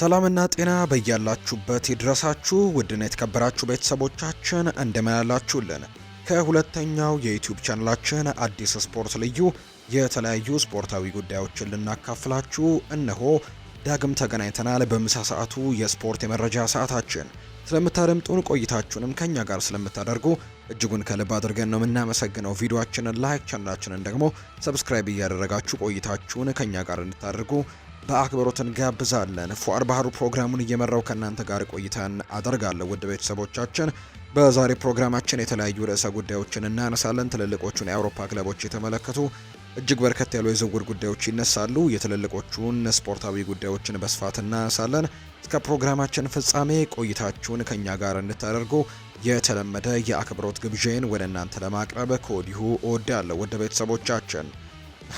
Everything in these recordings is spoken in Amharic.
ሰላምና ጤና በያላችሁበት ይድረሳችሁ ውድና የተከበራችሁ ቤተሰቦቻችን እንደምን ከሁለተኛው የዩቲዩብ ቻናላችን አዲስ ስፖርት ልዩ የተለያዩ ስፖርታዊ ጉዳዮችን ልናካፍላችሁ እነሆ ዳግም ተገናኝተናል። በምሳ ሰዓቱ የስፖርት የመረጃ ሰዓታችን ስለምታደምጡን ቆይታችሁንም ከኛ ጋር ስለምታደርጉ እጅጉን ከልብ አድርገን ነው የምናመሰግነው። ቪዲዮችንን ላይክ፣ ቻናላችንን ደግሞ ሰብስክራይብ እያደረጋችሁ ቆይታችሁን ከኛ ጋር እንድታደርጉ በአክብሮት እንጋብዛለን። ፉአድ ባህሩ ፕሮግራሙን እየመራው ከእናንተ ጋር ቆይታን አደርጋለሁ። ውድ ቤተሰቦቻችን በዛሬ ፕሮግራማችን የተለያዩ ርዕሰ ጉዳዮችን እናነሳለን። ትልልቆቹን የአውሮፓ ክለቦች የተመለከቱ እጅግ በርከት ያሉ የዝውውር ጉዳዮች ይነሳሉ። የትልልቆቹን ስፖርታዊ ጉዳዮችን በስፋት እናነሳለን። እስከ ፕሮግራማችን ፍጻሜ ቆይታችሁን ከእኛ ጋር እንድታደርጉ የተለመደ የአክብሮት ግብዣን ወደ እናንተ ለማቅረብ ከወዲሁ እወዳለሁ። ቤተሰቦቻችን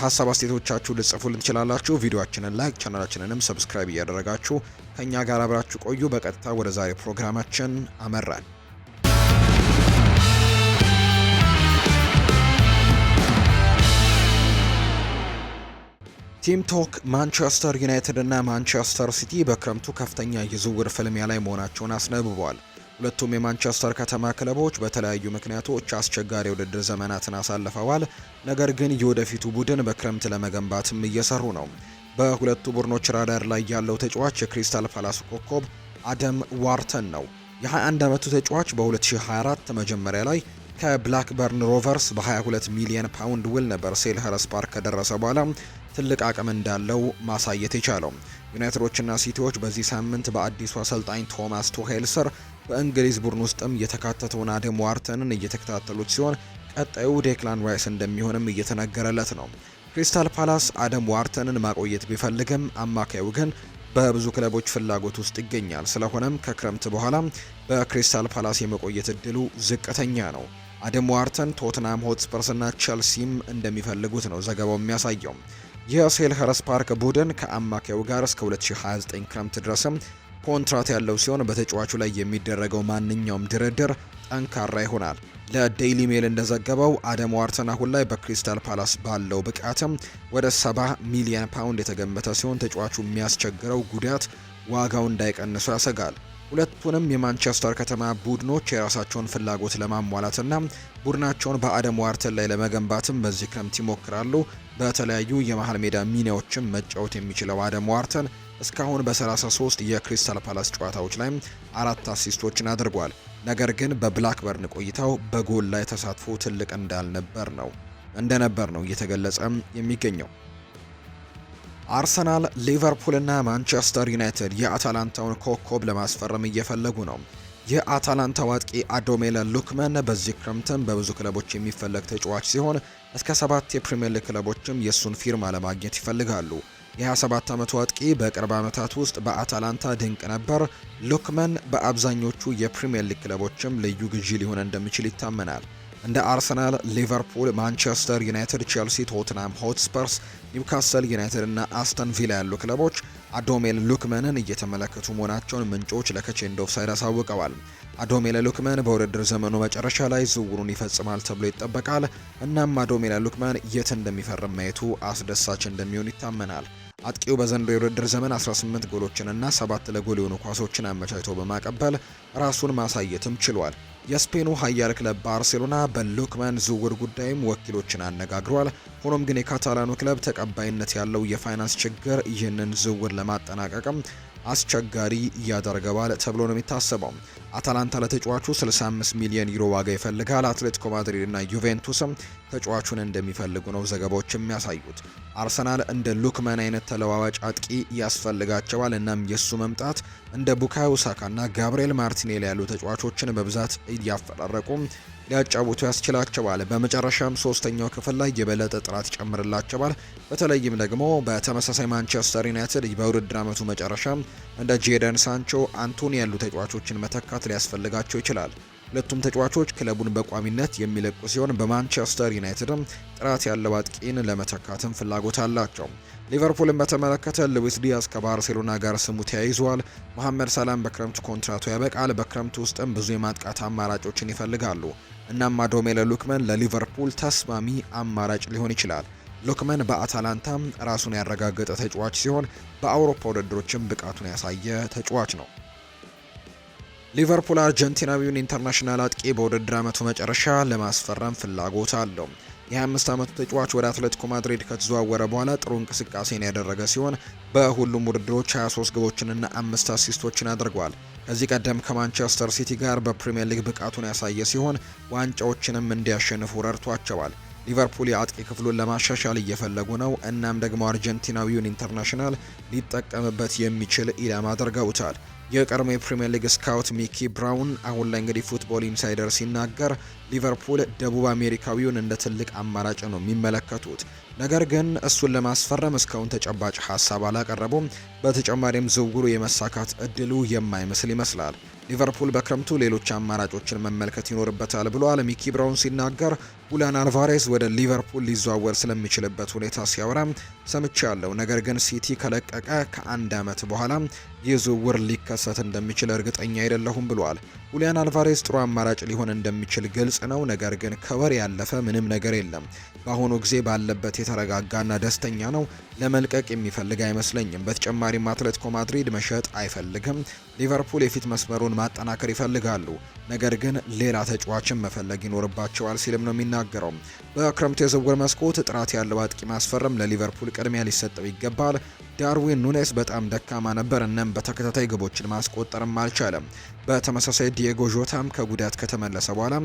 ሀሳብ አስተያየቶቻችሁ ልጽፉልን ትችላላችሁ። ቪዲዮአችንን ላይክ ቻናላችንንም ሰብስክራይብ እያደረጋችሁ ከእኛ ጋር አብራችሁ ቆዩ። በቀጥታ ወደ ዛሬ ፕሮግራማችን አመራል። ቲም ቶክ ማንቸስተር ዩናይትድ እና ማንቸስተር ሲቲ በክረምቱ ከፍተኛ የዝውውር ፍልሚያ ላይ መሆናቸውን አስነብበዋል። ሁለቱም የማንቸስተር ከተማ ክለቦች በተለያዩ ምክንያቶች አስቸጋሪ ውድድር ዘመናትን አሳልፈዋል። ነገር ግን የወደፊቱ ቡድን በክረምት ለመገንባትም እየሰሩ ነው። በሁለቱ ቡድኖች ራዳር ላይ ያለው ተጫዋች የክሪስታል ፓላስ ኮከብ አደም ዋርተን ነው። የ21 ዓመቱ ተጫዋች በ2024 መጀመሪያ ላይ ከብላክበርን ሮቨርስ በ22 ሚሊዮን ፓውንድ ውል ነበር ሴልኸርስት ፓርክ ከደረሰ በኋላ ትልቅ አቅም እንዳለው ማሳየት የቻለው። ዩናይትዶችና ሲቲዎች በዚህ ሳምንት በአዲሱ አሰልጣኝ ቶማስ ቱሄል ስር በእንግሊዝ ቡድን ውስጥም የተካተተውን አደም ዋርተንን እየተከታተሉት ሲሆን ቀጣዩ ዴክላን ራይስ እንደሚሆንም እየተነገረለት ነው። ክሪስታል ፓላስ አደም ዋርተንን ማቆየት ቢፈልግም አማካዩ ግን በብዙ ክለቦች ፍላጎት ውስጥ ይገኛል። ስለሆነም ከክረምት በኋላ በክሪስታል ፓላስ የመቆየት እድሉ ዝቅተኛ ነው። አደም ዋርተን ቶትናም ሆትስፐርስና ቸልሲም እንደሚፈልጉት ነው ዘገባው የሚያሳየው። የሴልኸረስ ፓርክ ቡድን ከአማካዩ ጋር እስከ 2029 ክረምት ድረስም ኮንትራት ያለው ሲሆን በተጫዋቹ ላይ የሚደረገው ማንኛውም ድርድር ጠንካራ ይሆናል። ለዴይሊ ሜል እንደዘገበው አደም ዋርተን አሁን ላይ በክሪስታል ፓላስ ባለው ብቃትም ወደ 70 ሚሊዮን ፓውንድ የተገመተ ሲሆን ተጫዋቹ የሚያስቸግረው ጉዳት ዋጋው እንዳይቀንሱ ያሰጋል። ሁለቱንም የማንቸስተር ከተማ ቡድኖች የራሳቸውን ፍላጎት ለማሟላትና ቡድናቸውን በአደም ዋርተን ላይ ለመገንባትም በዚህ ክረምት ይሞክራሉ። በተለያዩ የመሀል ሜዳ ሚናዎችም መጫወት የሚችለው አደም ዋርተን እስካሁን በ33 የክሪስታል ፓላስ ጨዋታዎች ላይ አራት አሲስቶችን አድርጓል። ነገር ግን በብላክበርን ቆይታው በጎል ላይ ተሳትፎ ትልቅ እንዳልነበር ነው እንደነበር ነው እየተገለጸ የሚገኘው። አርሰናል፣ ሊቨርፑል እና ማንቸስተር ዩናይትድ የአታላንታውን ኮከብ ለማስፈረም እየፈለጉ ነው። የአታላንታ አጥቂ አዶሜለ ሉክመን በዚህ ክረምትም በብዙ ክለቦች የሚፈለግ ተጫዋች ሲሆን እስከ ሰባት የፕሪምየር ሊግ ክለቦችም የእሱን ፊርማ ለማግኘት ይፈልጋሉ። የ27 ዓመቱ አጥቂ በቅርብ ዓመታት ውስጥ በአታላንታ ድንቅ ነበር። ሉክመን በአብዛኞቹ የፕሪምየር ሊግ ክለቦችም ልዩ ግዢ ሊሆን እንደሚችል ይታመናል። እንደ አርሰናል፣ ሊቨርፑል፣ ማንቸስተር ዩናይትድ፣ ቼልሲ፣ ቶትናም ሆትስፐርስ ኒውካስል ዩናይትድ እና አስተን ቪላ ያሉ ክለቦች አዶሜል ሉክመንን እየተመለከቱ መሆናቸውን ምንጮች ለከቼንዶ ኦፍሳይድ አሳውቀዋል። አዶሜል ሉክመን በውድድር ዘመኑ መጨረሻ ላይ ዝውውሩን ይፈጽማል ተብሎ ይጠበቃል። እናም አዶሜል ሉክመን የት እንደሚፈርም ማየቱ አስደሳች እንደሚሆን ይታመናል። አጥቂው በዘንድሮ የውድድር ዘመን 18 ጎሎችንና 7 ለጎል የሆኑ ኳሶችን አመቻችቶ በማቀበል ራሱን ማሳየትም ችሏል። የስፔኑ ኃያል ክለብ ባርሴሎና በሉክማን ዝውውር ጉዳይም ወኪሎችን አነጋግሯል። ሆኖም ግን የካታላኑ ክለብ ተቀባይነት ያለው የፋይናንስ ችግር ይህንን ዝውውር ለማጠናቀቅም አስቸጋሪ እያደረገባል ተብሎ ነው የሚታሰበው። አታላንታ ለተጫዋቹ 65 ሚሊዮን ዩሮ ዋጋ ይፈልጋል። አትሌቲኮ ማድሪድ እና ዩቬንቱስም ተጫዋቹን እንደሚፈልጉ ነው ዘገባዎች የሚያሳዩት። አርሰናል እንደ ሉክመን አይነት ተለዋዋጭ አጥቂ ያስፈልጋቸዋል። እናም የሱ መምጣት እንደ ቡካዮ እና ጋብርኤል ማርቲኔሊ ያሉ ተጫዋቾችን በብዛት እያፈራረቁ ሊያጫውቱ ያስችላቸዋል። በመጨረሻም ሶስተኛው ክፍል ላይ የበለጠ ጥራት ይጨምርላቸዋል። በተለይም ደግሞ በተመሳሳይ ማንቸስተር ዩናይትድ በውድድር ዓመቱ መጨረሻም እንደ ጄደን ሳንቾ፣ አንቶኒ ያሉ ተጫዋቾችን መተካት ሊያስፈልጋቸው ይችላል። ሁለቱም ተጫዋቾች ክለቡን በቋሚነት የሚለቁ ሲሆን በማንቸስተር ዩናይትድም ጥራት ያለው አጥቂን ለመተካትም ፍላጎት አላቸው። ሊቨርፑልን በተመለከተ ሉዊስ ዲያስ ከባርሴሎና ጋር ስሙ ተያይዟል። መሐመድ ሰላም በክረምቱ ኮንትራቱ ያበቃል። በክረምቱ ውስጥም ብዙ የማጥቃት አማራጮችን ይፈልጋሉ። እናም ማዶሜለ ሉክመን ለሊቨርፑል ተስማሚ አማራጭ ሊሆን ይችላል። ሉክመን በአታላንታ ራሱን ያረጋገጠ ተጫዋች ሲሆን በአውሮፓ ውድድሮችም ብቃቱን ያሳየ ተጫዋች ነው። ሊቨርፑል አርጀንቲናዊውን ኢንተርናሽናል አጥቂ በውድድር ዓመቱ መጨረሻ ለማስፈረም ፍላጎት አለው። የ25 ዓመቱ ተጫዋች ወደ አትሌቲኮ ማድሪድ ከተዘዋወረ በኋላ ጥሩ እንቅስቃሴን ያደረገ ሲሆን በሁሉም ውድድሮች 23 ግቦችንና አምስት አሲስቶችን አድርጓል። ከዚህ ቀደም ከማንቸስተር ሲቲ ጋር በፕሪምየር ሊግ ብቃቱን ያሳየ ሲሆን ዋንጫዎችንም እንዲያሸንፉ ረድቷቸዋል። ሊቨርፑል የአጥቂ ክፍሉን ለማሻሻል እየፈለጉ ነው። እናም ደግሞ አርጀንቲናዊውን ኢንተርናሽናል ሊጠቀምበት የሚችል ኢላማ አድርገውታል። የቀድሞ የፕሪምየር ሊግ ስካውት ሚኪ ብራውን አሁን ላይ እንግዲህ ፉትቦል ኢንሳይደር ሲናገር ሊቨርፑል ደቡብ አሜሪካዊውን እንደ ትልቅ አማራጭ ነው የሚመለከቱት። ነገር ግን እሱን ለማስፈረም እስካሁን ተጨባጭ ሀሳብ አላቀረቡም። በተጨማሪም ዝውውሩ የመሳካት እድሉ የማይመስል ይመስላል። ሊቨርፑል በክረምቱ ሌሎች አማራጮችን መመልከት ይኖርበታል ብሏል ሚኪ ብራውን ሲናገር ሁላን አልቫሬዝ ወደ ሊቨርፑል ሊዘዋወር ስለሚችልበት ሁኔታ ሲያወራ ሰምቻለሁ። ነገር ግን ሲቲ ከለቀቀ ከአንድ ዓመት በኋላ ዝውውር ሊከሰት እንደሚችል እርግጠኛ አይደለሁም ብሏል። ሁሊያን አልቫሬስ ጥሩ አማራጭ ሊሆን እንደሚችል ግልጽ ነው፣ ነገር ግን ከወር ያለፈ ምንም ነገር የለም። በአሁኑ ጊዜ ባለበት የተረጋጋና ደስተኛ ነው። ለመልቀቅ የሚፈልግ አይመስለኝም። በተጨማሪም አትሌቲኮ ማድሪድ መሸጥ አይፈልግም። ሊቨርፑል የፊት መስመሩን ማጠናከር ይፈልጋሉ፣ ነገር ግን ሌላ ተጫዋችን መፈለግ ይኖርባቸዋል ሲልም ነው የሚናገረው። በክረምቱ የዝውውር መስኮት ጥራት ያለው አጥቂ ማስፈረም ለሊቨርፑል ቅድሚያ ሊሰጠው ይገባል። ዳርዊን ኑኔስ በጣም ደካማ ነበር፣ እናም በተከታታይ ግቦችን ማስቆጠርም አልቻለም። በተመሳሳይ ዲየጎ ዦታም ከጉዳት ከተመለሰ በኋላ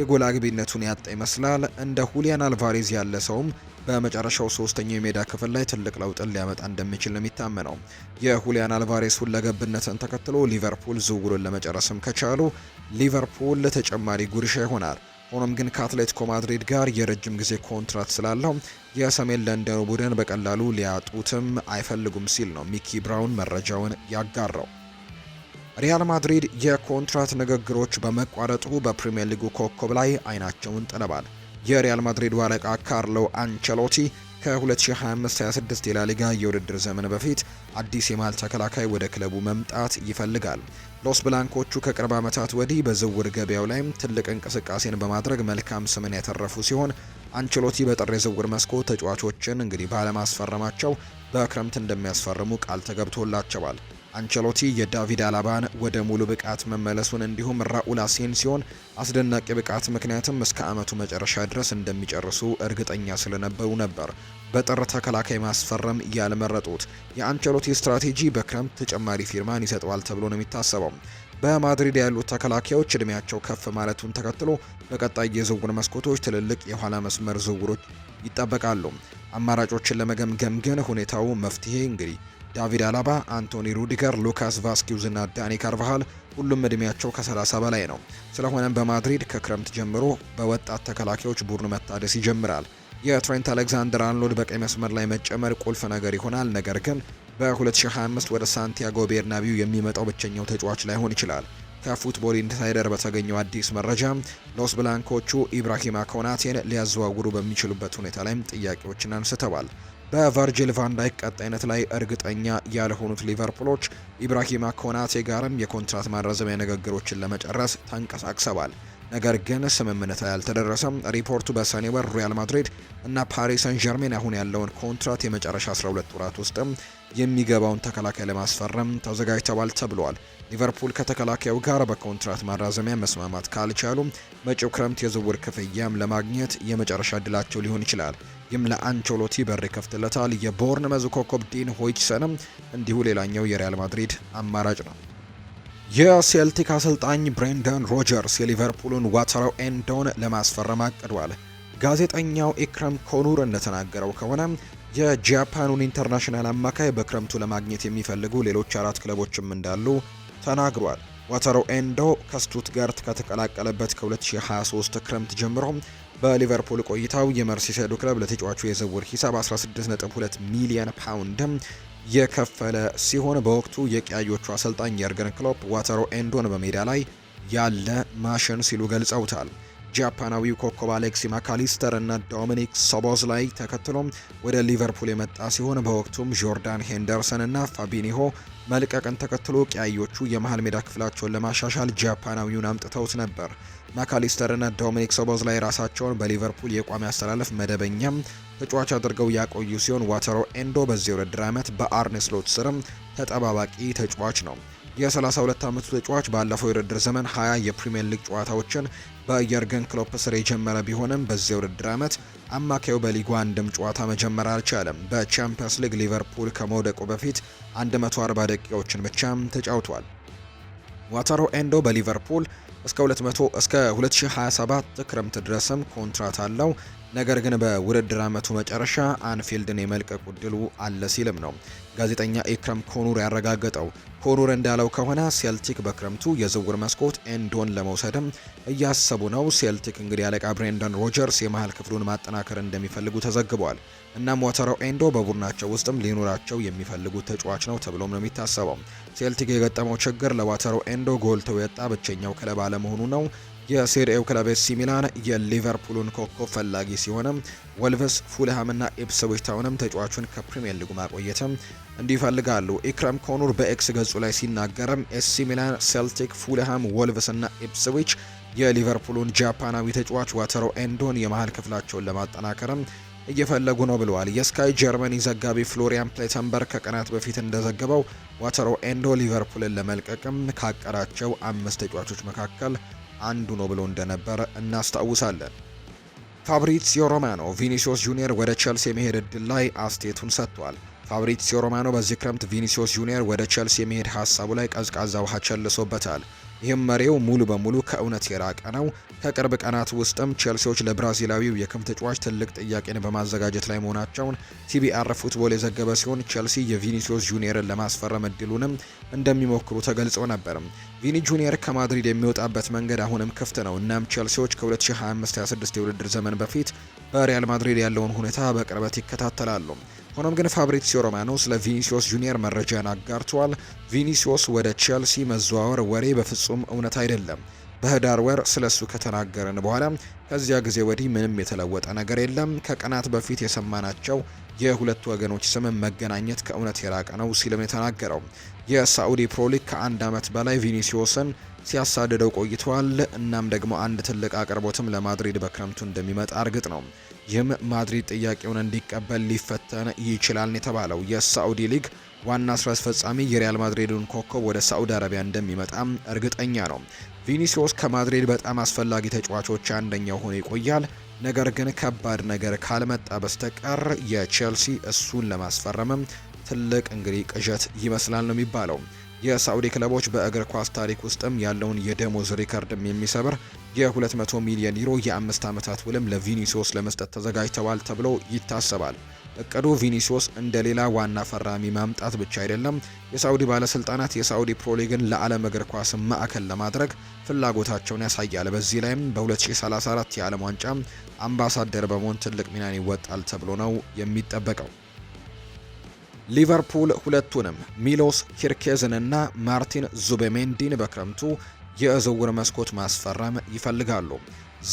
የጎል አግቢነቱን ያጣ ይመስላል። እንደ ሁሊያን አልቫሬዝ ያለ ሰውም በመጨረሻው ሶስተኛው የሜዳ ክፍል ላይ ትልቅ ለውጥን ሊያመጣ እንደሚችል ነው የሚታመነው። የሁሊያን አልቫሬስ ሁለገብነትን ተከትሎ ሊቨርፑል ዝውውሩን ለመጨረስም ከቻሉ ሊቨርፑል ተጨማሪ ጉርሻ ይሆናል። ሆኖም ግን ከአትሌቲኮ ማድሪድ ጋር የረጅም ጊዜ ኮንትራት ስላለው የሰሜን ለንደኑ ቡድን በቀላሉ ሊያጡትም አይፈልጉም ሲል ነው ሚኪ ብራውን መረጃውን ያጋራው። ሪያል ማድሪድ የኮንትራት ንግግሮች በመቋረጡ በፕሪምየር ሊጉ ኮከብ ላይ አይናቸውን ጥለዋል። የሪያል ማድሪድ ዋለቃ ካርሎ አንቸሎቲ ከ2025/26 የላሊጋ የውድድር ዘመን በፊት አዲስ የማል ተከላካይ ወደ ክለቡ መምጣት ይፈልጋል። ሎስ ብላንኮቹ ከቅርብ ዓመታት ወዲህ በዝውውር ገበያው ላይም ትልቅ እንቅስቃሴን በማድረግ መልካም ስምን ያተረፉ ሲሆን አንቸሎቲ በጥር የዝውውር መስኮት ተጫዋቾችን እንግዲህ ባለማስፈረማቸው በክረምት እንደሚያስፈርሙ ቃል ተገብቶላቸዋል። አንቸሎቲ የዳቪድ አላባን ወደ ሙሉ ብቃት መመለሱን እንዲሁም ራኡል አሴንሲዮን አስደናቂ ብቃት ምክንያትም እስከ ዓመቱ መጨረሻ ድረስ እንደሚጨርሱ እርግጠኛ ስለነበሩ ነበር በጥር ተከላካይ ማስፈረም ያልመረጡት። የአንቸሎቲ ስትራቴጂ በክረምት ተጨማሪ ፊርማን ይሰጠዋል ተብሎ ነው የሚታሰበው። በማድሪድ ያሉት ተከላካዮች እድሜያቸው ከፍ ማለቱን ተከትሎ በቀጣይ የዝውውር መስኮቶች ትልልቅ የኋላ መስመር ዝውውሮች ይጠበቃሉ። አማራጮችን ለመገምገም ግን ሁኔታው መፍትሄ እንግዲህ ዳቪድ አላባ፣ አንቶኒ ሩዲገር፣ ሉካስ ቫስኪውዝ እና ዳኒ ካርቫሃል ሁሉም እድሜያቸው ከ30 በላይ ነው። ስለሆነም በማድሪድ ከክረምት ጀምሮ በወጣት ተከላካዮች ቡድኑ መታደስ ይጀምራል። የትሬንት አሌክዛንደር አንሎድ በቀይ መስመር ላይ መጨመር ቁልፍ ነገር ይሆናል። ነገር ግን በ2025 ወደ ሳንቲያጎ ቤርናቢው የሚመጣው ብቸኛው ተጫዋች ላይሆን ይችላል። ከፉትቦል ኢንሳይደር በተገኘው አዲስ መረጃ ሎስ ብላንኮቹ ኢብራሂማ ኮናቴን ሊያዘዋውሩ በሚችሉበት ሁኔታ ላይም ጥያቄዎችን አንስተዋል። በቨርጂል ቫን ዳይክ ቀጣይነት ላይ እርግጠኛ ያልሆኑት ሊቨርፑሎች ኢብራሂማ ኮናቴ ጋርም የኮንትራት ማራዘሚያ ንግግሮችን ለመጨረስ ተንቀሳቅሰዋል። ነገር ግን ስምምነት ላይ አልተደረሰም። ሪፖርቱ በሰኔ ወር ሪያል ማድሪድ እና ፓሪስ ሰን ዠርሜን አሁን ያለውን ኮንትራት የመጨረሻ 12 ወራት ውስጥም የሚገባውን ተከላካይ ለማስፈረም ተዘጋጅተዋል ተብሏል። ሊቨርፑል ከተከላካዩ ጋር በኮንትራት ማራዘሚያ መስማማት ካልቻሉ መጪው ክረምት የዝውውር ክፍያም ለማግኘት የመጨረሻ እድላቸው ሊሆን ይችላል። ይህም ለአንቾሎቲ በር ይከፍትለታል። የቦርን መዝ ኮከብ ዲን ሆይችሰንም እንዲሁ ሌላኛው የሪያል ማድሪድ አማራጭ ነው። የሴልቲክ አሰልጣኝ ብሬንደን ሮጀርስ የሊቨርፑሉን ዋተራው ኤንዶን ለማስፈረም አቅዷል። ጋዜጠኛው ኢክረም ኮኑር እንደተናገረው ከሆነ የጃፓኑን ኢንተርናሽናል አማካይ በክረምቱ ለማግኘት የሚፈልጉ ሌሎች አራት ክለቦችም እንዳሉ ተናግሯል። ዋተሮ ኤንዶ ከስቱትጋርት ከተቀላቀለበት ከ2023 ክረምት ጀምሮ በሊቨርፑል ቆይታው የመርሲሰዱ ክለብ ለተጫዋቹ የዝውውር ሂሳብ 16.2 ሚሊዮን ፓውንድም የከፈለ ሲሆን በወቅቱ የቀያዮቹ አሰልጣኝ የርገን ክሎፕ ዋተሮ ኤንዶን በሜዳ ላይ ያለ ማሽን ሲሉ ገልጸውታል። ጃፓናዊው ኮከብ አሌክሲ ማካሊስተር እና ዶሚኒክ ሶቦዝ ላይ ተከትሎም ወደ ሊቨርፑል የመጣ ሲሆን በወቅቱም ጆርዳን ሄንደርሰን እና ፋቢኒሆ መልቀቅን ተከትሎ ቀያዮቹ የመሃል ሜዳ ክፍላቸውን ለማሻሻል ጃፓናዊውን አምጥተውት ነበር። ማካሊስተር እና ዶሚኒክ ሶቦዝ ላይ ራሳቸውን በሊቨርፑል የቋሚ አስተላለፍ መደበኛም ተጫዋች አድርገው ያቆዩ ሲሆን ዋተሮ ኤንዶ በዚህ ውድድር ዓመት በአርኔስሎት ስርም ተጠባባቂ ተጫዋች ነው። የ32 ዓመቱ ተጫዋች ባለፈው የውድድር ዘመን 20 የፕሪምየር ሊግ ጨዋታዎችን በየርገን ክሎፕ ስር የጀመረ ቢሆንም በዚህ ውድድር ዓመት አማካዩ በሊጉ አንድም ጨዋታ መጀመር አልቻለም። በቻምፒየንስ ሊግ ሊቨርፑል ከመውደቁ በፊት 140 ደቂቃዎችን ብቻም ተጫውቷል። ዋታሮ ኤንዶ በሊቨርፑል እስከ 200 እስከ 2027 ክረምት ድረስም ኮንትራት አለው። ነገር ግን በውድድር ዓመቱ መጨረሻ አንፊልድን የመልቀቅ ዕድሉ አለ ሲልም ነው ጋዜጠኛ ኤክረም ኮኑር ያረጋገጠው። ኮኑር እንዳለው ከሆነ ሴልቲክ በክረምቱ የዝውውር መስኮት ኤንዶን ለመውሰድም እያሰቡ ነው። ሴልቲክ እንግዲህ ያለቃ ብሬንደን ሮጀርስ የመሀል ክፍሉን ማጠናከር እንደሚፈልጉ ተዘግቧል። እናም ወተረው ኤንዶ በቡድናቸው ውስጥም ሊኖራቸው የሚፈልጉት ተጫዋች ነው ተብሎም ነው የሚታሰበው። ሴልቲክ የገጠመው ችግር ለዋተራው ኤንዶ ጎልቶ የወጣ ብቸኛው ክለብ አለመሆኑ ነው። የሴሪኤው ክለብ ኤሲ ሚላን የሊቨርፑሉን ኮከብ ፈላጊ ሲሆንም ወልቨስ፣ ፉልሃምና ኢፕስዊች ታውንም ተጫዋቹን ከፕሪምየር ሊጉ ማቆየትም እንዲፈልጋሉ። ኢክረም ኮኑር በኤክስ ገጹ ላይ ሲናገርም ኤሲ ሚላን፣ ሴልቲክ፣ ፉልሃም፣ ወልቭስ እና ኢፕስዊች የሊቨርፑሉን ጃፓናዊ ተጫዋች ዋተሮ ኤንዶን የመሃል ክፍላቸውን ለማጠናከርም እየፈለጉ ነው ብለዋል። የስካይ ጀርመኒ ዘጋቢ ፍሎሪያን ፕሌተንበርግ ከቀናት በፊት እንደዘገበው ዋተሮ ኤንዶ ሊቨርፑልን ለመልቀቅም ካቀራቸው አምስት ተጫዋቾች መካከል አንዱ ነው ብሎ እንደነበር እናስታውሳለን። ፋብሪዚዮ ሮማኖ ቪኒሲዮስ ጁኒየር ወደ ቼልሲ የመሄድ እድል ላይ አስተያየቱን ሰጥቷል። ፋብሪዚዮ ሮማኖ በዚህ ክረምት ቪኒሲዮስ ጁኒየር ወደ ቸልሲ የመሄድ ሀሳቡ ላይ ቀዝቃዛ ውሃ ቸልሶበታል። ይህም መሪው ሙሉ በሙሉ ከእውነት የራቀ ነው። ከቅርብ ቀናት ውስጥም ቸልሲዎች ለብራዚላዊው የክም ተጫዋች ትልቅ ጥያቄን በማዘጋጀት ላይ መሆናቸውን ቲቢአር ፉትቦል የዘገበ ሲሆን ቼልሲ የቪኒሲዮስ ጁኒየርን ለማስፈረም እድሉንም እንደሚሞክሩ ተገልጾ ነበር። ቪኒ ጁኒየር ከማድሪድ የሚወጣበት መንገድ አሁንም ክፍት ነው። እናም ቸልሲዎች ከ2025/26 የውድድር ዘመን በፊት በሪያል ማድሪድ ያለውን ሁኔታ በቅርበት ይከታተላሉ። ሆኖም ግን ፋብሪሲዮ ሮማኖ ስለ ቪኒሲዮስ ጁኒየር መረጃን አጋርቷል። ቪኒሲዮስ ወደ ቼልሲ መዘዋወር ወሬ በፍጹም እውነት አይደለም። በህዳር ወር ስለ እሱ ከተናገረን በኋላ ከዚያ ጊዜ ወዲህ ምንም የተለወጠ ነገር የለም። ከቀናት በፊት የሰማናቸው የሁለቱ ወገኖች ስም መገናኘት ከእውነት የራቀ ነው ሲልም የተናገረው የሳዑዲ ፕሮሊግ ከአንድ ዓመት በላይ ቪኒሲዮስን ሲያሳድደው ቆይተዋል። እናም ደግሞ አንድ ትልቅ አቅርቦትም ለማድሪድ በክረምቱ እንደሚመጣ እርግጥ ነው። ይህም ማድሪድ ጥያቄውን እንዲቀበል ሊፈተን ይችላል ነው የተባለው። የሳዑዲ ሊግ ዋና ስራ አስፈጻሚ የሪያል ማድሪድን ኮከብ ወደ ሳዑዲ አረቢያ እንደሚመጣም እርግጠኛ ነው። ቪኒሲዮስ ከማድሪድ በጣም አስፈላጊ ተጫዋቾች አንደኛው ሆኖ ይቆያል። ነገር ግን ከባድ ነገር ካልመጣ በስተቀር የቼልሲ እሱን ለማስፈረምም ትልቅ እንግዲህ ቅዠት ይመስላል ነው የሚባለው። የሳዑዲ ክለቦች በእግር ኳስ ታሪክ ውስጥም ያለውን የደሞዝ ሪከርድም የሚሰብር የ200 ሚሊዮን ዩሮ የአምስት ዓመታት ውልም ለቪኒሲዮስ ለመስጠት ተዘጋጅተዋል ተብሎ ይታሰባል። እቅዱ ቪኒሲዮስ እንደ ሌላ ዋና ፈራሚ ማምጣት ብቻ አይደለም። የሳውዲ ባለስልጣናት የሳውዲ ፕሮሊግን ለዓለም እግር ኳስ ማዕከል ለማድረግ ፍላጎታቸውን ያሳያል። በዚህ ላይም በ2034 የዓለም ዋንጫ አምባሳደር በመሆን ትልቅ ሚናን ይወጣል ተብሎ ነው የሚጠበቀው። ሊቨርፑል ሁለቱንም ሚሎስ ኪርኬዝንና ማርቲን ዙቤሜንዲን በክረምቱ የዝውውር መስኮት ማስፈረም ይፈልጋሉ።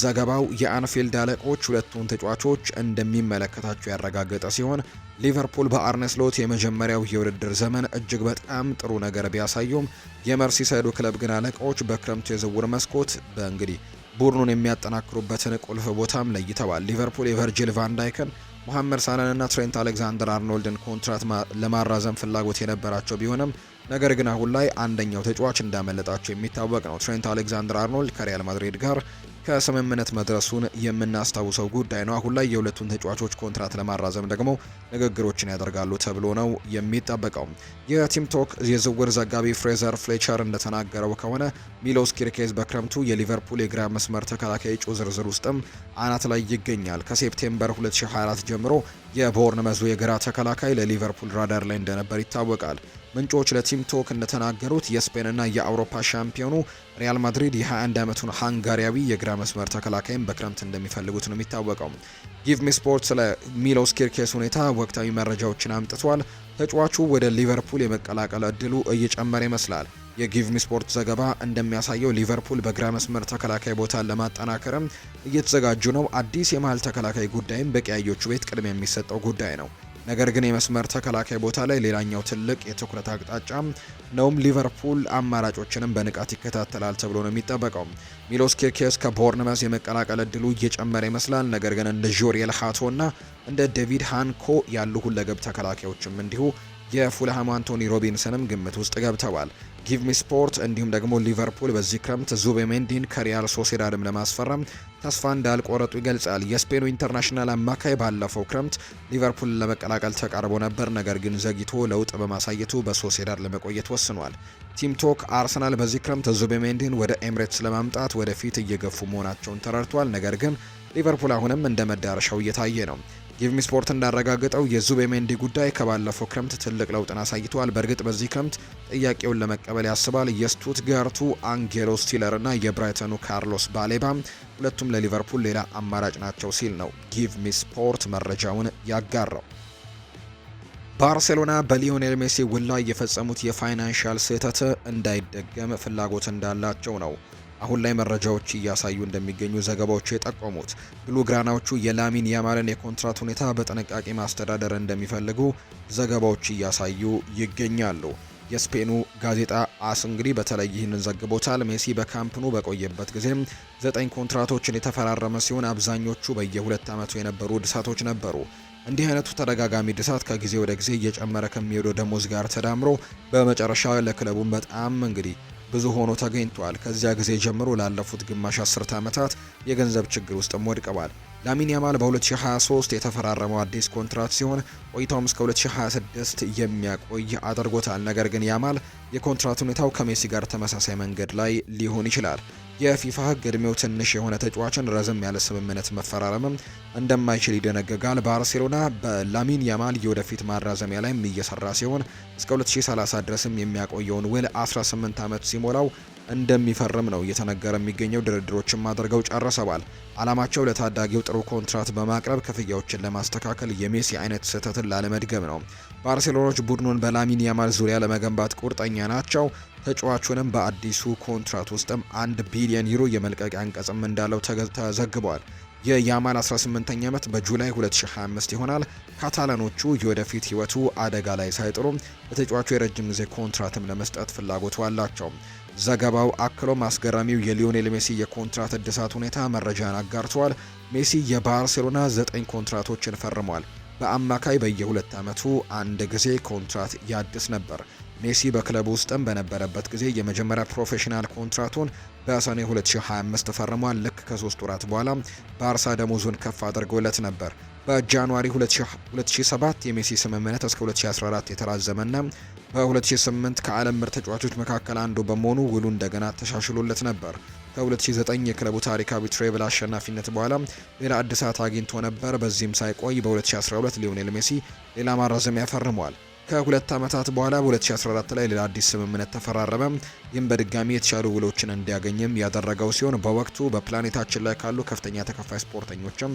ዘገባው የአንፊልድ አለቆች ሁለቱን ተጫዋቾች እንደሚመለከታቸው ያረጋገጠ ሲሆን ሊቨርፑል በአርነስሎት የመጀመሪያው የውድድር ዘመን እጅግ በጣም ጥሩ ነገር ቢያሳዩም የመርሲሳይዱ ክለብ ግን አለቆች በክረምቱ የዝውውር መስኮት በእንግዲህ ቡድኑን የሚያጠናክሩበትን ቁልፍ ቦታም ለይተዋል። ሊቨርፑል የቨርጂል ቫንዳይከን ሙሐመድ ሳላንና ትሬንት አሌክዛንደር አርኖልድን ኮንትራት ለማራዘም ፍላጎት የነበራቸው ቢሆንም ነገር ግን አሁን ላይ አንደኛው ተጫዋች እንዳመለጣቸው የሚታወቅ ነው። ትሬንት አሌክዛንደር አርኖልድ ከሪያል ማድሪድ ጋር ከስምምነት መድረሱን የምናስታውሰው ጉዳይ ነው። አሁን ላይ የሁለቱን ተጫዋቾች ኮንትራት ለማራዘም ደግሞ ንግግሮችን ያደርጋሉ ተብሎ ነው የሚጠበቀው። የቲም ቶክ የዝውውር ዘጋቢ ፍሬዘር ፍሌቸር እንደተናገረው ከሆነ ሚሎስ ኪርኬዝ በክረምቱ የሊቨርፑል የግራ መስመር ተከላካይ እጩ ዝርዝር ውስጥም አናት ላይ ይገኛል። ከሴፕቴምበር 2024 ጀምሮ የቦርንመዙ የግራ ተከላካይ ለሊቨርፑል ራዳር ላይ እንደነበር ይታወቃል። ምንጮች ለቲም ቶክ እንደተናገሩት የስፔንና የአውሮፓ ሻምፒዮኑ ሪያል ማድሪድ የ21 ዓመቱን ሃንጋሪያዊ የግራ መስመር ተከላካይም በክረምት እንደሚፈልጉት ነው የሚታወቀው። ጊቭ ሚ ስፖርት ስለ ሚሎስ ኪርኬስ ሁኔታ ወቅታዊ መረጃዎችን አምጥቷል። ተጫዋቹ ወደ ሊቨርፑል የመቀላቀል እድሉ እየጨመረ ይመስላል። ሚ ስፖርት ዘገባ እንደሚያሳየው ሊቨርፑል በግራ መስመር ተከላካይ ቦታን ለማጠናከርም እየተዘጋጁ ነው። አዲስ የመሀል ተከላካይ ጉዳይም በቀያዮቹ ቤት ቅድሚያ የሚሰጠው ጉዳይ ነው። ነገር ግን የመስመር ተከላካይ ቦታ ላይ ሌላኛው ትልቅ የትኩረት አቅጣጫ ነውም ሊቨርፑል አማራጮችንም በንቃት ይከታተላል ተብሎ ነው የሚጠበቀው። ሚሎስ ኬርኬስ ከቦርንመስ የመቀላቀል እድሉ እየጨመረ ይመስላል። ነገር ግን እንደ ዦሪኤል ሃቶና እንደ ዴቪድ ሃንኮ ያሉ ሁለገብ ተከላካዮችም እንዲሁ የፉልሃም አንቶኒ ሮቢንሰንም ግምት ውስጥ ገብተዋል። ጊቭ ሚ ስፖርት እንዲሁም ደግሞ ሊቨርፑል በዚህ ክረምት ዙቤሜንዲን ከሪያል ሶሴዳድም ለማስፈረም ተስፋ እንዳልቆረጡ ይገልጻል። የስፔኑ ኢንተርናሽናል አማካይ ባለፈው ክረምት ሊቨርፑል ለመቀላቀል ተቃርቦ ነበር፣ ነገር ግን ዘግይቶ ለውጥ በማሳየቱ በሶሴዳድ ለመቆየት ወስኗል። ቲም ቶክ አርሰናል በዚህ ክረምት ዙቤሜንዲን ወደ ኤምሬትስ ለማምጣት ወደፊት እየገፉ መሆናቸውን ተረድቷል፣ ነገር ግን ሊቨርፑል አሁንም እንደ መዳረሻው እየታየ ነው። ጊቭሚ ስፖርት እንዳረጋገጠው የዙቤሜንዲ ጉዳይ ከባለፈው ክረምት ትልቅ ለውጥን አሳይቷል። በእርግጥ በዚህ ክረምት ጥያቄውን ለመቀበል ያስባል። የስቱትጋርቱ አንጌሎ ስቲለር እና የብራይተኑ ካርሎስ ባሌባ ሁለቱም ለሊቨርፑል ሌላ አማራጭ ናቸው ሲል ነው ጊቭሚ ስፖርት መረጃውን ያጋራው። ባርሴሎና በሊዮኔል ሜሲ ውል ላይ የፈጸሙት የፋይናንሻል ስህተት እንዳይደገም ፍላጎት እንዳላቸው ነው አሁን ላይ መረጃዎች እያሳዩ እንደሚገኙ ዘገባዎቹ የጠቆሙት ብሉግራናዎቹ የላሚን ያማልን የኮንትራት ሁኔታ በጥንቃቄ ማስተዳደር እንደሚፈልጉ ዘገባዎች እያሳዩ ይገኛሉ። የስፔኑ ጋዜጣ አስ እንግዲህ በተለይ ይህንን ዘግቦታል። ሜሲ በካምፕኑ በቆየበት ጊዜ ዘጠኝ ኮንትራቶችን የተፈራረመ ሲሆን አብዛኞቹ በየሁለት ዓመቱ የነበሩ እድሳቶች ነበሩ። እንዲህ አይነቱ ተደጋጋሚ እድሳት ከጊዜ ወደ ጊዜ እየጨመረ ከሚሄደው ደሞዝ ጋር ተዳምሮ በመጨረሻ ለክለቡን በጣም እንግዲህ ብዙ ሆኖ ተገኝቷል። ከዚያ ጊዜ ጀምሮ ላለፉት ግማሽ አስርት ዓመታት የገንዘብ ችግር ውስጥም ወድቀዋል። ላሚን ያማል በ2023 የተፈራረመው አዲስ ኮንትራት ሲሆን ቆይታውም እስከ 2026 የሚያቆይ አድርጎታል። ነገር ግን ያማል የኮንትራት ሁኔታው ከሜሲ ጋር ተመሳሳይ መንገድ ላይ ሊሆን ይችላል። የፊፋ ሕግ እድሜው ትንሽ የሆነ ተጫዋችን ረዘም ያለ ስምምነት መፈራረምም እንደማይችል ይደነግጋል። ባርሴሎና በላሚን ያማል የወደፊት ማራዘሚያ ላይም እየሰራ ሲሆን እስከ 2030 ድረስም የሚያቆየውን ውል 18 ዓመት ሲሞላው እንደሚፈርም ነው እየተነገረ የሚገኘው። ድርድሮችም አድርገው ጨርሰዋል። አላማቸው ለታዳጊው ጥሩ ኮንትራት በማቅረብ ክፍያዎችን ለማስተካከል የሜሲ አይነት ስህተትን ላለመድገም ነው። ባርሴሎናዎች ቡድኑን በላሚን ያማል ዙሪያ ለመገንባት ቁርጠኛ ናቸው። ተጫዋቹንም በአዲሱ ኮንትራት ውስጥም አንድ ቢሊዮን ዩሮ የመልቀቂያ አንቀጽም እንዳለው ተዘግቧል። የያማል 18ኛ ዓመት በጁላይ 2025 ይሆናል። ካታላኖቹ የወደፊት ህይወቱ አደጋ ላይ ሳይጥሩ ለተጫዋቹ የረጅም ጊዜ ኮንትራትም ለመስጠት ፍላጎቱ አላቸው። ዘገባው አክሎም አስገራሚው የሊዮኔል ሜሲ የኮንትራት እድሳት ሁኔታ መረጃን አጋርተዋል። ሜሲ የባርሴሎና ዘጠኝ ኮንትራቶችን ፈርሟል። በአማካይ በየሁለት ዓመቱ አንድ ጊዜ ኮንትራት ያድስ ነበር። ሜሲ በክለቡ ውስጥም በነበረበት ጊዜ የመጀመሪያ ፕሮፌሽናል ኮንትራቱን በሰኔ 2025 ፈርሟል። ልክ ከሶስት ወራት በኋላ ባርሳ ደሞዙን ከፍ አድርጎለት ነበር። በጃንዋሪ 2007 የሜሲ ስምምነት እስከ 2014 የተራዘመና በ2008 ከዓለም ምርጥ ተጫዋቾች መካከል አንዱ በመሆኑ ውሉ እንደገና ተሻሽሎለት ነበር። ከ2009 የክለቡ ታሪካዊ ትሬብል አሸናፊነት በኋላ ሌላ እድሳት አግኝቶ ነበር። በዚህም ሳይቆይ በ2012 ሊዮኔል ሜሲ ሌላ ማራዘሚያ ፈርሟል። ከሁለት ዓመታት በኋላ በ2014 ላይ ሌላ አዲስ ስምምነት ተፈራረመ። ይህም በድጋሚ የተሻሉ ውሎችን እንዲያገኝም ያደረገው ሲሆን በወቅቱ በፕላኔታችን ላይ ካሉ ከፍተኛ ተከፋይ ስፖርተኞችም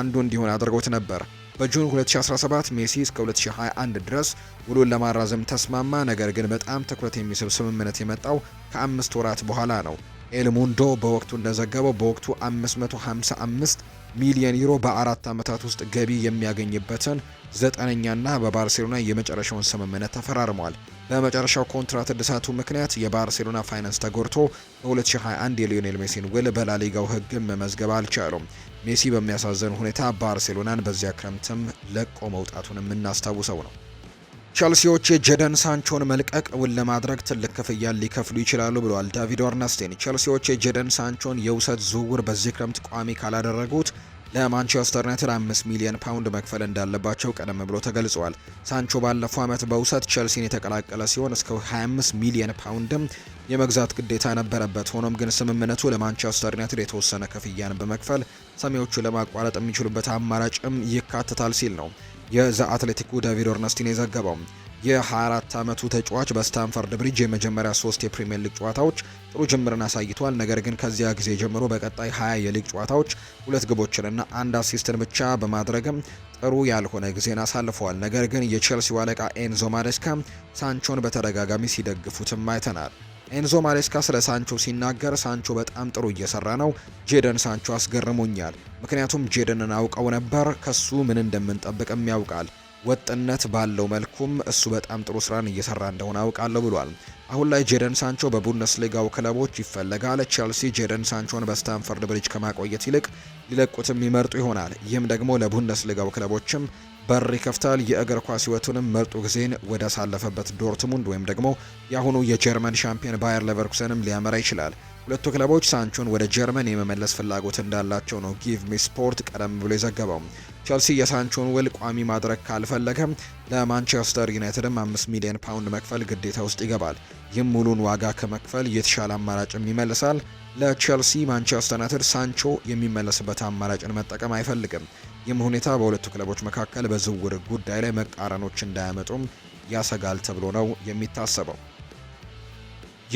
አንዱ እንዲሆን አድርጎት ነበር። በጁን 2017 ሜሲ እስከ 2021 ድረስ ውሉን ለማራዘም ተስማማ። ነገር ግን በጣም ትኩረት የሚስብ ስምምነት የመጣው ከአምስት ወራት በኋላ ነው። ኤልሙንዶ በወቅቱ እንደዘገበው በወቅቱ 555 ሚሊዮን ዩሮ በአራት ዓመታት ውስጥ ገቢ የሚያገኝበትን ዘጠነኛና በባርሴሎና የመጨረሻውን ስምምነት ተፈራርሟል። በመጨረሻው ኮንትራት እድሳቱ ምክንያት የባርሴሎና ፋይናንስ ተጎድቶ በ2021 የሊዮኔል ሜሲን ውል በላሊጋው ሕግም መመዝገብ አልቻሉም። ሜሲ በሚያሳዝን ሁኔታ ባርሴሎናን በዚያ ክረምትም ለቆ መውጣቱን የምናስታውሰው ነው። ቸልሲዎች የጀደን ሳንቾን መልቀቅ ውል ለማድረግ ትልቅ ክፍያ ሊከፍሉ ይችላሉ ብለዋል ዳቪድ ኦርነስቴን። ቸልሲዎች የጀደን ሳንቾን የውሰት ዝውውር በዚህ ክረምት ቋሚ ካላደረጉት ለማንቸስተር ዩናይትድ አምስት ሚሊዮን ፓውንድ መክፈል እንዳለባቸው ቀደም ብሎ ተገልጿል። ሳንቾ ባለፈው ዓመት በውሰት ቸልሲን የተቀላቀለ ሲሆን እስከ 25 ሚሊዮን ፓውንድም የመግዛት ግዴታ ነበረበት። ሆኖም ግን ስምምነቱ ለማንቸስተር ዩናይትድ የተወሰነ ክፍያን በመክፈል ሰሜዎቹ ለማቋረጥ የሚችሉበት አማራጭም ይካትታል ሲል ነው የዘ አትሌቲኩ ዳቪድ ኦርነስቲን የዘገበው። የ24 ዓመቱ ተጫዋች በስታንፈርድ ብሪጅ የመጀመሪያ ሶስት የፕሪምየር ሊግ ጨዋታዎች ጥሩ ጅምርን አሳይቷል። ነገር ግን ከዚያ ጊዜ ጀምሮ በቀጣይ 20 የሊግ ጨዋታዎች ሁለት ግቦችንና አንድ አሲስትን ብቻ በማድረግም ጥሩ ያልሆነ ጊዜን አሳልፈዋል። ነገር ግን የቼልሲው አለቃ ኤንዞ ማሬስካ ሳንቾን በተደጋጋሚ ሲደግፉትም አይተናል። ኤንዞ ማሬስካ ስለ ሳንቾ ሲናገር ሳንቾ በጣም ጥሩ እየሰራ ነው። ጄደን ሳንቾ አስገርሞኛል፣ ምክንያቱም ጄደንን አውቀው ነበር። ከሱ ምን እንደምንጠብቅም ያውቃል። ወጥነት ባለው መልኩም እሱ በጣም ጥሩ ስራን እየሰራ እንደሆነ አውቃለሁ ብሏል። አሁን ላይ ጄደን ሳንቾ በቡንደስሊጋው ክለቦች ይፈለጋል። ቼልሲ ጄደን ሳንቾን በስታንፈርድ ብሪጅ ከማቆየት ይልቅ ሊለቁትም ይመርጡ ይሆናል። ይህም ደግሞ ለቡንደስሊጋው ክለቦችም በር ይከፍታል። የእግር ኳስ ህይወቱንም ምርጡ ጊዜን ሳለፈበት ዶርትሙንድ ወይም ደግሞ የአሁኑ የጀርመን ሻምፒዮን ባየር ሌቨርኩሰንም ሊያመራ ይችላል። ሁለቱ ክለቦች ሳንቾን ወደ ጀርመን የመመለስ ፍላጎት እንዳላቸው ነው ጊቭ ሚ ስፖርት ቀደም ብሎ የዘገበው። ቸልሲ የሳንቾን ውል ቋሚ ማድረግ ካልፈለገም ለማንቸስተር ዩናይትድም አምስት ሚሊዮን ፓውንድ መክፈል ግዴታ ውስጥ ይገባል። ይህም ሙሉን ዋጋ ከመክፈል የተሻለ አማራጭም ይመልሳል። ለቸልሲ ማንቸስተር ዩናይትድ ሳንቾ የሚመለስበት አማራጭን መጠቀም አይፈልግም። ይህም ሁኔታ በሁለቱ ክለቦች መካከል በዝውውር ጉዳይ ላይ መቃረኖች እንዳያመጡም ያሰጋል ተብሎ ነው የሚታሰበው።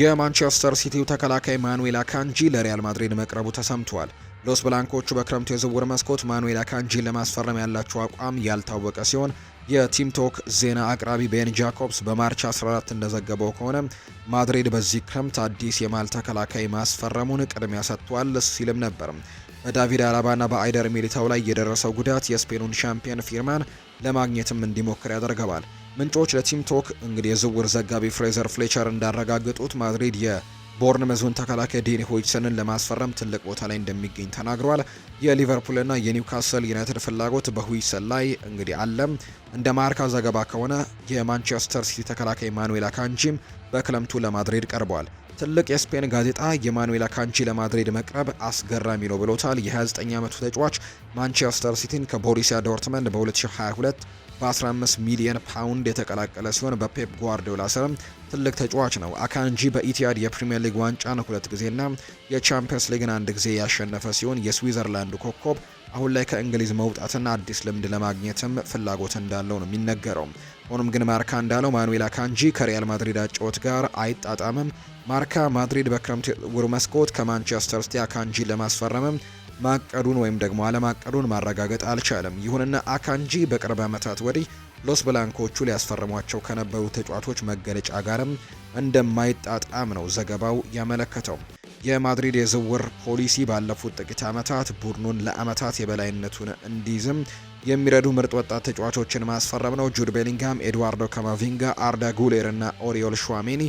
የማንቸስተር ሲቲው ተከላካይ ማኑኤል አካንጂ ለሪያል ማድሪድ መቅረቡ ተሰምቷል። ሎስ ብላንኮቹ በክረምቱ የዝውውር መስኮት ማኑኤል አካንጂን ለማስፈረም ያላቸው አቋም ያልታወቀ ሲሆን የቲምቶክ ዜና አቅራቢ ቤን ጃኮብስ በማርች 14 እንደዘገበው ከሆነ ማድሪድ በዚህ ክረምት አዲስ የማል ተከላካይ ማስፈረሙን ቅድሚያ ሰጥቷል ሲልም ነበር። በዳቪድ አላባና በአይደር ሚሊታው ላይ የደረሰው ጉዳት የስፔኑን ሻምፒየን ፊርማን ለማግኘትም እንዲሞክር ያደርገዋል። ምንጮች ለቲም ቶክ እንግዲህ የዝውውር ዘጋቢ ፍሬዘር ፍሌቸር እንዳረጋገጡት ማድሪድ የቦርንመዙን ተከላካይ ዴኒ ሆይችሰንን ለማስፈረም ትልቅ ቦታ ላይ እንደሚገኝ ተናግሯል። የሊቨርፑልና የኒውካስል ዩናይትድ ፍላጎት በሁይሰን ላይ እንግዲህ አለም። እንደ ማርካ ዘገባ ከሆነ የማንቸስተር ሲቲ ተከላካይ ማኑኤል አካንጂም በክለምቱ ለማድሪድ ቀርቧል። ትልቅ የስፔን ጋዜጣ የማኑኤል ካንቺ ለማድሪድ መቅረብ አስገራሚ ነው ብሎታል። የ29 ዓመቱ ተጫዋች ማንቸስተር ሲቲን ከቦሪሲያ ዶርትመንድ በ2022 በ15 ሚሊዮን ፓውንድ የተቀላቀለ ሲሆን በፔፕ ጓርዲዮላ ስርም ትልቅ ተጫዋች ነው። አካንጂ በኢትያድ የፕሪምየር ሊግ ዋንጫን ሁለት ጊዜና የቻምፒየንስ ሊግን አንድ ጊዜ ያሸነፈ ሲሆን የስዊዘርላንዱ ኮከብ አሁን ላይ ከእንግሊዝ መውጣትና አዲስ ልምድ ለማግኘትም ፍላጎት እንዳለው ነው የሚነገረው። ሆኖም ግን ማርካ እንዳለው ማኑኤል አካንጂ ከሪያል ማድሪድ አጨዋወት ጋር አይጣጣምም። ማርካ ማድሪድ በክረምት ዝውውር መስኮት ከማንቸስተር ሲቲ አካንጂ ለማስፈረምም ማቀዱን ወይም ደግሞ አለማቀዱን ማረጋገጥ አልቻለም። ይሁንና አካንጂ በቅርብ ዓመታት ወዲህ ሎስ ብላንኮቹ ሊያስፈርሟቸው ከነበሩ ተጫዋቾች መገለጫ ጋርም እንደማይጣጣም ነው ዘገባው ያመለከተው። የማድሪድ የዝውውር ፖሊሲ ባለፉት ጥቂት ዓመታት ቡድኑን ለዓመታት የበላይነቱን እንዲይዝም የሚረዱ ምርጥ ወጣት ተጫዋቾችን ማስፈረም ነው። ጁድ ቤሊንግሃም፣ ኤድዋርዶ ካማቪንጋ፣ አርዳ ጉሌር እና ኦሪዮል ሹዋሜኒ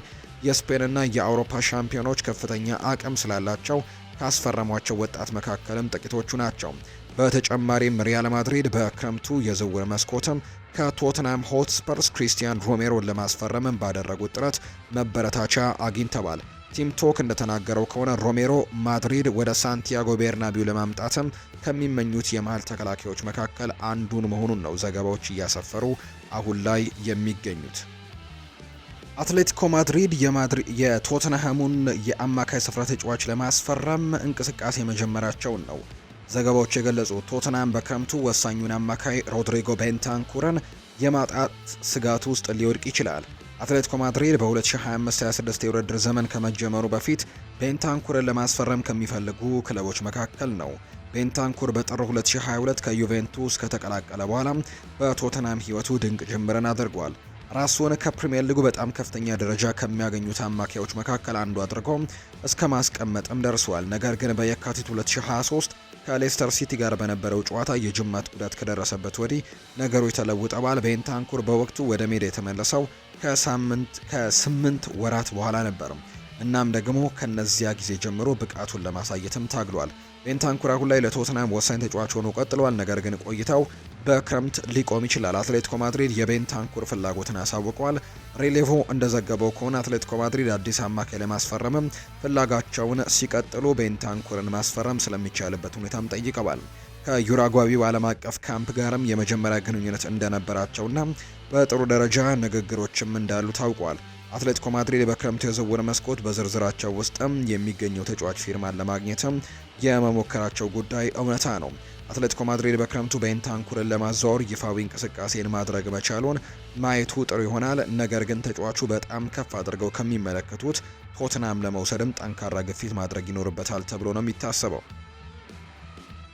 የስፔንና የአውሮፓ ሻምፒዮኖች ከፍተኛ አቅም ስላላቸው ካስፈረሟቸው ወጣት መካከልም ጥቂቶቹ ናቸው። በተጨማሪም ሪያል ማድሪድ በክረምቱ የዝውውር መስኮትም ከቶትናም ሆትስፐርስ ክሪስቲያን ሮሜሮን ለማስፈረምም ባደረጉት ጥረት መበረታቻ አግኝተዋል። ቲም ቶክ እንደተናገረው ከሆነ ሮሜሮ ማድሪድ ወደ ሳንቲያጎ ቤርናቢው ለማምጣትም ከሚመኙት የመሀል ተከላካዮች መካከል አንዱን መሆኑን ነው ዘገባዎች እያሰፈሩ አሁን ላይ የሚገኙት። አትሌቲኮ ማድሪድ የቶተንሃሙን የአማካይ ስፍራ ተጫዋች ለማስፈረም እንቅስቃሴ መጀመራቸውን ነው ዘገባዎች የገለጹት። ቶተንሃም በክረምቱ ወሳኙን አማካይ ሮድሪጎ ቤንታንኩረን የማጣት ስጋት ውስጥ ሊወድቅ ይችላል። አትሌቲኮ ማድሪድ በ2025/26 የውድድር ዘመን ከመጀመሩ በፊት ቤንታንኩርን ለማስፈረም ከሚፈልጉ ክለቦች መካከል ነው። ቤንታንኩር በጥር 2022 ከዩቬንቱስ ከተቀላቀለ በኋላ በቶተናም ሕይወቱ ድንቅ ጅምርን አድርጓል። ራሱን ከፕሪምየር ሊጉ በጣም ከፍተኛ ደረጃ ከሚያገኙት አማካዮች መካከል አንዱ አድርጎ እስከ ማስቀመጥም ደርሷል። ነገር ግን በየካቲት 2023 ከሌስተር ሲቲ ጋር በነበረው ጨዋታ የጅማት ጉዳት ከደረሰበት ወዲህ ነገሩ ተለውጠዋል። ቤንታንኩር በወቅቱ ወደ ሜዳ የተመለሰው ከሳምንት ከስምንት ወራት በኋላ ነበርም። እናም ደግሞ ከነዚያ ጊዜ ጀምሮ ብቃቱን ለማሳየትም ታግሏል። ቤንታንኩር አሁን ላይ ለቶትናም ወሳኝ ተጫዋች ሆኖ ቀጥሏል። ነገር ግን ቆይታው በክረምት ሊቆም ይችላል። አትሌቲኮ ማድሪድ የቤንታንኩር ፍላጎትን አሳውቀዋል። ሬሌቮ እንደዘገበው ከሆነ አትሌቲኮ ማድሪድ አዲስ አማካይ ለማስፈረምም ፍላጋቸውን ሲቀጥሉ ቤንታንኩርን ማስፈረም ስለሚቻልበት ሁኔታም ጠይቀዋል። ከዩራጓዊው ዓለም አቀፍ ካምፕ ጋርም የመጀመሪያ ግንኙነት እንደነበራቸውና በጥሩ ደረጃ ንግግሮችም እንዳሉ ታውቋል። አትሌቲኮ ማድሪድ በክረምቱ የዝውውር መስኮት በዝርዝራቸው ውስጥም የሚገኘው ተጫዋች ፊርማን ለማግኘትም የመሞከራቸው ጉዳይ እውነታ ነው። አትሌቲኮ ማድሪድ በክረምቱ ቤንታንኩርን ለማዛወር ይፋዊ እንቅስቃሴን ማድረግ መቻሉን ማየቱ ጥሩ ይሆናል። ነገር ግን ተጫዋቹ በጣም ከፍ አድርገው ከሚመለከቱት ቶትናም ለመውሰድም ጠንካራ ግፊት ማድረግ ይኖርበታል ተብሎ ነው የሚታሰበው።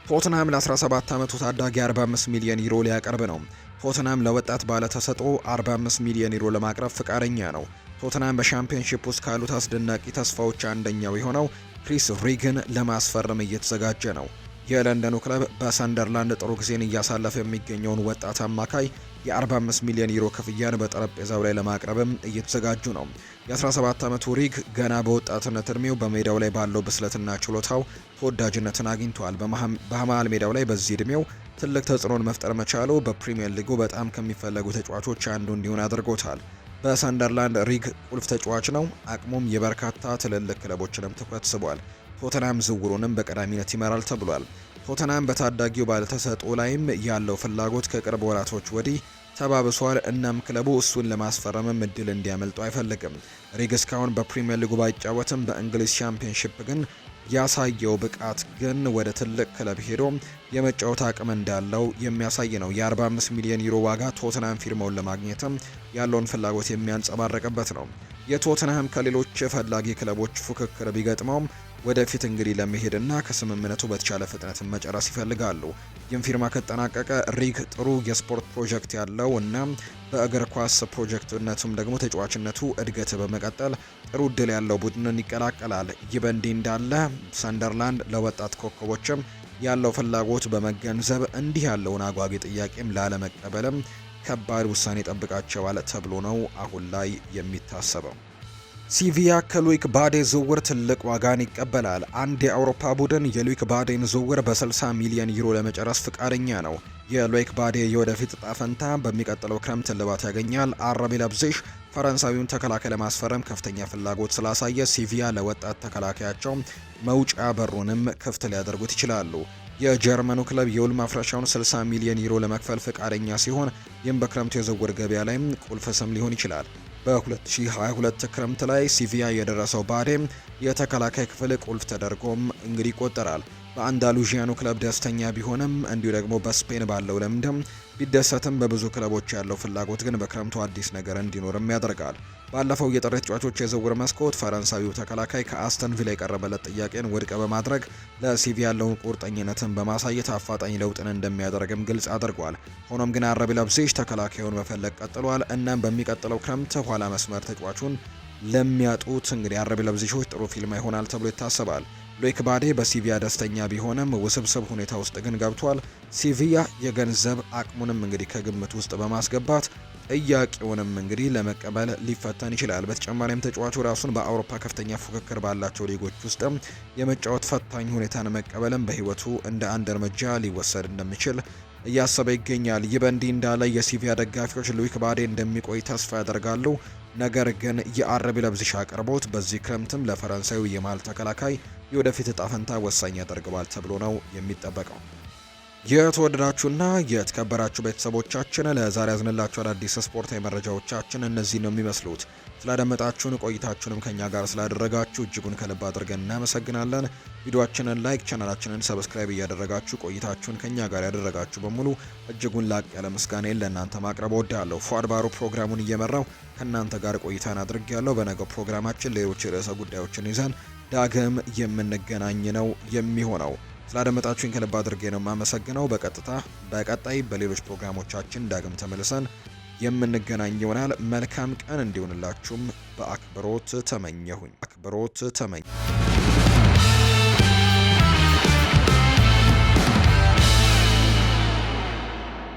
ቶትናም ለ17 ዓመቱ ታዳጊ 45 ሚሊዮን ዩሮ ሊያቀርብ ነው። ቶትናም ለወጣት ተሰጥኦ 45 ሚሊዮን ዩሮ ለማቅረብ ፍቃደኛ ነው። ቶትናም በሻምፒዮንሺፕ ውስጥ ካሉት አስደናቂ ተስፋዎች አንደኛው የሆነው ክሪስ ሪግን ለማስፈረም እየተዘጋጀ ነው። የለንደኑ ክለብ በሰንደርላንድ ጥሩ ጊዜን እያሳለፈ የሚገኘውን ወጣት አማካይ የ45 ሚሊዮን ዩሮ ክፍያን በጠረጴዛው ላይ ለማቅረብም እየተዘጋጁ ነው። የ17 ዓመቱ ሪግ ገና በወጣትነት እድሜው በሜዳው ላይ ባለው ብስለትና ችሎታው ተወዳጅነትን አግኝቷል። በመሃል ሜዳው ላይ በዚህ እድሜው ትልቅ ተጽዕኖን መፍጠር መቻሉ በፕሪምየር ሊጉ በጣም ከሚፈለጉ ተጫዋቾች አንዱ እንዲሆን አድርጎታል። በሰንደርላንድ ሪግ ቁልፍ ተጫዋች ነው። አቅሙም የበርካታ ትልልቅ ክለቦችንም ትኩረት ስቧል። ቶተናም ዝውውሩንም በቀዳሚነት ይመራል ተብሏል። ቶተናም በታዳጊው ባለተሰጥኦ ላይም ያለው ፍላጎት ከቅርብ ወራቶች ወዲህ ተባብሷል። እናም ክለቡ እሱን ለማስፈረምም እድል እንዲያመልጡ አይፈልግም። ሪግ እስካሁን በፕሪምየር ሊጉ ባይጫወትም በእንግሊዝ ሻምፒዮንሺፕ ግን ያሳየው ብቃት ግን ወደ ትልቅ ክለብ ሄዶ የመጫወት አቅም እንዳለው የሚያሳይ ነው። የ45 ሚሊዮን ዩሮ ዋጋ ቶትናም ፊርማውን ለማግኘትም ያለውን ፍላጎት የሚያንጸባረቅበት ነው። የቶትናም ከሌሎች ፈላጊ ክለቦች ፉክክር ቢገጥመውም ወደፊት እንግዲህ ለመሄድና ከስምምነቱ በተቻለ ፍጥነት መጨረስ ይፈልጋሉ። ይህም ፊርማ ከተጠናቀቀ ሪግ ጥሩ የስፖርት ፕሮጀክት ያለው እና በእግር ኳስ ፕሮጀክትነቱም ደግሞ ተጫዋችነቱ እድገት በመቀጠል ጥሩ እድል ያለው ቡድንን ይቀላቀላል። ይህ በእንዲህ እንዳለ ሰንደርላንድ ለወጣት ኮከቦችም ያለው ፍላጎት በመገንዘብ እንዲህ ያለውን አጓጊ ጥያቄም ላለመቀበልም ከባድ ውሳኔ ጠብቃቸዋል ተብሎ ነው አሁን ላይ የሚታሰበው። ሲቪያ ከሉዊክ ባዴ ዝውውር ትልቅ ዋጋን ይቀበላል። አንድ የአውሮፓ ቡድን የሉዊክ ባዴን ዝውውር በ60 ሚሊዮን ዩሮ ለመጨረስ ፍቃደኛ ነው። የሉዊክ ባዴ የወደፊት እጣ ፈንታ በሚቀጥለው ክረምት እልባት ያገኛል። አረቢ ለብዜሽ ፈረንሳዊውን ተከላካይ ለማስፈረም ከፍተኛ ፍላጎት ስላሳየ ሲቪያ ለወጣት ተከላካያቸው መውጫ በሩንም ክፍት ሊያደርጉት ይችላሉ። የጀርመኑ ክለብ የውል ማፍረሻውን 60 ሚሊዮን ዩሮ ለመክፈል ፍቃደኛ ሲሆን ይህም በክረምቱ የዝውውር ገበያ ላይ ቁልፍ ስም ሊሆን ይችላል። በ2022 ክረምት ላይ ሲቪያ የደረሰው ባዴ የተከላካይ ክፍል ቁልፍ ተደርጎም እንግዲህ ይቆጠራል። በአንዳሉዥያኑ ክለብ ደስተኛ ቢሆንም እንዲሁ ደግሞ በስፔን ባለው ልምድም ቢደሰትም በብዙ ክለቦች ያለው ፍላጎት ግን በክረምቱ አዲስ ነገር እንዲኖርም ያደርጋል። ባለፈው የጥር ተጫዋቾች የዝውውር መስኮት ፈረንሳዊው ተከላካይ ከአስተን ቪላ የቀረበለት ጥያቄን ውድቅ በማድረግ ለሲቪ ያለውን ቁርጠኝነትን በማሳየት አፋጣኝ ለውጥን እንደሚያደርግም ግልጽ አድርጓል። ሆኖም ግን አረቢ ለብሴሽ ተከላካዩን መፈለግ ቀጥሏል። እናም በሚቀጥለው ክረምት ኋላ መስመር ተጫዋቹን ለሚያጡት እንግዲህ አረቢ ለብዜሾች ጥሩ ፊልማ ይሆናል ተብሎ ይታሰባል። ሎይክ ባዴ በሲቪያ ደስተኛ ቢሆንም ውስብስብ ሁኔታ ውስጥ ግን ገብቷል። ሲቪያ የገንዘብ አቅሙንም እንግዲህ ከግምት ውስጥ በማስገባት ጥያቄውንም እንግዲህ ለመቀበል ሊፈተን ይችላል። በተጨማሪም ተጫዋቹ ራሱን በአውሮፓ ከፍተኛ ፉክክር ባላቸው ሊጎች ውስጥም የመጫወት ፈታኝ ሁኔታን መቀበልም በሕይወቱ እንደ አንድ እርምጃ ሊወሰድ እንደሚችል እያሰበ ይገኛል። ይህ በእንዲህ እንዳለ የሲቪያ ደጋፊዎች ሉዊክ ባዴ እንደሚቆይ ተስፋ ያደርጋሉ። ነገር ግን የአረቢ ለብዝሻ አቅርቦት በዚህ ክረምትም ለፈረንሳዩ የማል ተከላካይ የወደፊት እጣ ፈንታ ወሳኝ ያደርገዋል ተብሎ ነው የሚጠበቀው። የተወደዳችሁና የተከበራችሁ ቤተሰቦቻችን ለዛሬ ያዝንላችሁ አዳዲስ ስፖርታዊ መረጃዎቻችን እነዚህ ነው የሚመስሉት። ስላደመጣችሁን ቆይታችሁንም ከኛ ጋር ስላደረጋችሁ እጅጉን ከልብ አድርገን እናመሰግናለን። ቪዲዮችንን ላይክ፣ ቻናላችንን ሰብስክራይብ እያደረጋችሁ ቆይታችሁን ከኛ ጋር ያደረጋችሁ በሙሉ እጅጉን ላቅ ያለ ምስጋናዬን ለእናንተ ማቅረብ እወዳለሁ። ፏድ ባሮ ፕሮግራሙን እየመራው ከእናንተ ጋር ቆይታን ያለው በነገው ፕሮግራማችን ሌሎች ርዕሰ ጉዳዮችን ይዘን ዳግም የምንገናኝ ነው የሚሆነው። ስላደመጣችሁኝ ከልብ አድርጌ ነው የማመሰግነው። በቀጥታ በቀጣይ በሌሎች ፕሮግራሞቻችን ዳግም ተመልሰን የምንገናኝ ይሆናል። መልካም ቀን እንዲሆንላችሁም በአክብሮት ተመኘሁኝ አክብሮት ተመኘ